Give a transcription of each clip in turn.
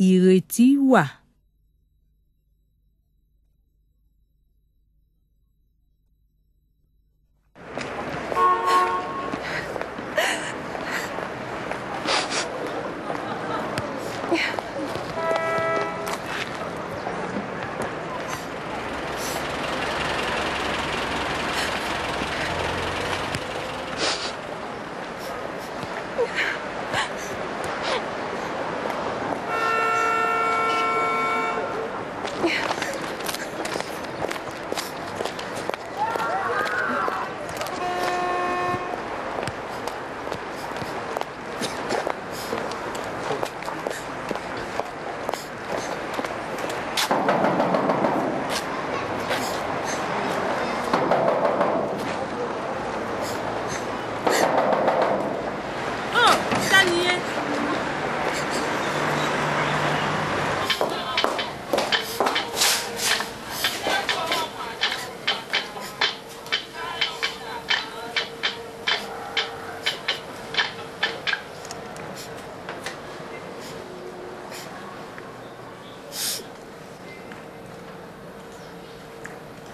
伊个只话。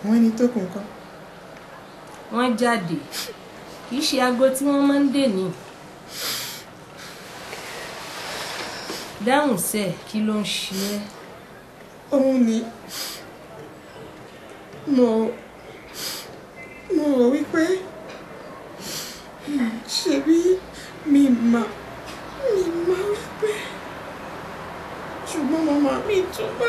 àwọn ẹni tó kùn kan. wọ́n jáde kì í ṣe aago tí wọ́n máa ń dè ní. dáhùn sẹ́ kí ló ń ṣe ẹ́. òun ni mo mo rò wípé ṣebí mi mà mi má wípé ṣùgbọ́n màmá mi tún bá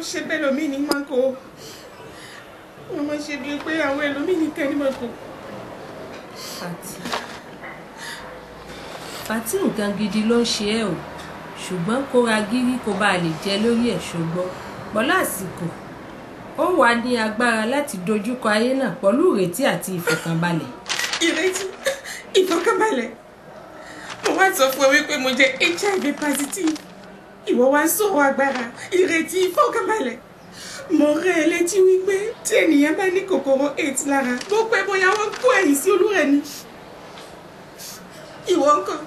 mo ṣe bẹ́ẹ̀ lómi ní mako mo mọ ṣe bíi pé àwọn ẹlòmíì ní tẹ́ ní mako. fati nǹkan gidi ló ń ṣe ẹ́ o ṣùgbọ́n kóra gírí kó bá lè jẹ lórí ẹ̀ ṣùgbọ́n pọ̀lá àsìkò ó wà ní agbára láti dojúkọ ayé náà pẹ̀lú ìrètí àti ìfọ̀kànbalẹ̀. ìrètí ìfọ̀kànbalẹ̀ mo wá sọ fún ẹ wípé mo jẹ hiv positive ìwọ wá ń sọ̀rọ̀ agbára ìrètí ìfọ̀kànbalẹ̀ mo rán ẹ létí wípé tí ènìyàn bá ní kòkòrò aids lára bó pẹ́ bóyá wọ́n kó ẹ̀yìn sí olúrẹ̀ ni ìwọ nǹkan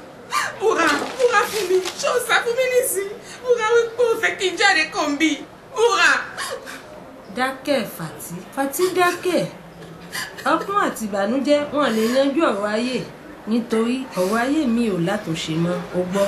búra búra fún mi ṣó sá fún mi nísìn búra wípé o fẹ́ kí n jáde kàn bí búra. dákẹ́ fàtí fàtí dákẹ́ ọkùn àti ìbànújẹ́ wọn lè yanjú ọ̀rọ̀ ayé nítorí ọ̀rọ̀ ayé mi ò látòṣe mọ́ o gbọ́.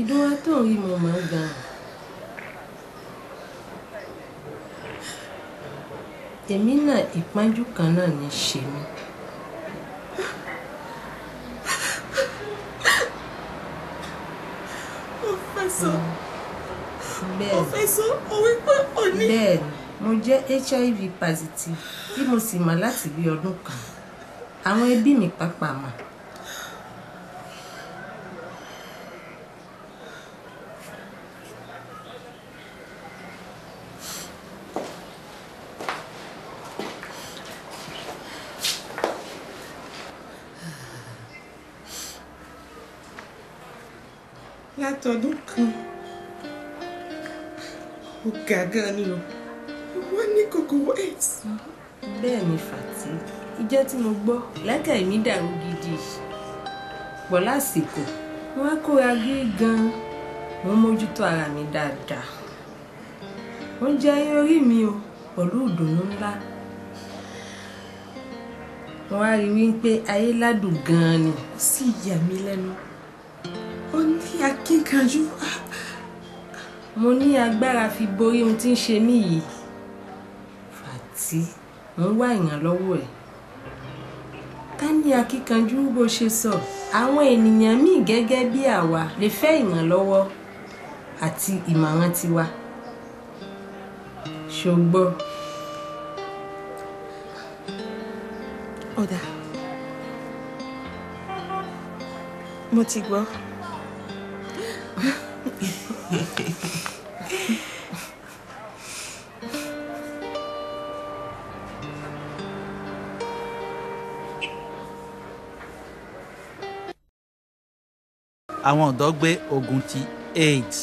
ìdúró tó rí mo máa ń gbà. èmi náà ìpájú kan náà ní ṣe mí. Professor, mo jẹ́ HIV positive bí mo sì mà láti bí ọdún kan àwọn ẹbí mi pàápàá mà. látọdún kan ó ga gan ni o wọ́n ní kòkòrò aids. bẹ́ẹ̀ ni fàtí ìjọ tí mo gbọ́ lẹ́kẹ̀ẹ́ mi dàrú gidi pọ̀ lásìkò wọ́n á kóra gé gan-an mo mójútó ara mi dáadáa ó jẹ ayé orí mi o pẹ̀lú ìdùnnú ńlá wọ́n á rí wípé ayé ládùn gan ni. ó sì yà mí lẹ́nu ní akínkanjú. mo ní agbára fi borí ohun tí ń ṣe mí yìí fàtí mo ń wá ìrànlọ́wọ́ ẹ̀ ká ní akínkanjú bó ṣe sọ àwọn ènìyàn míì gẹ́gẹ́ bí àwa lè fẹ́ ìrànlọ́wọ́ àti ìmọ̀ràn tiwa ṣùgbọ́n. ọ̀dà mo ti gbọ́ àwọn ọ̀dọ́ gbé ogun ti AIDS.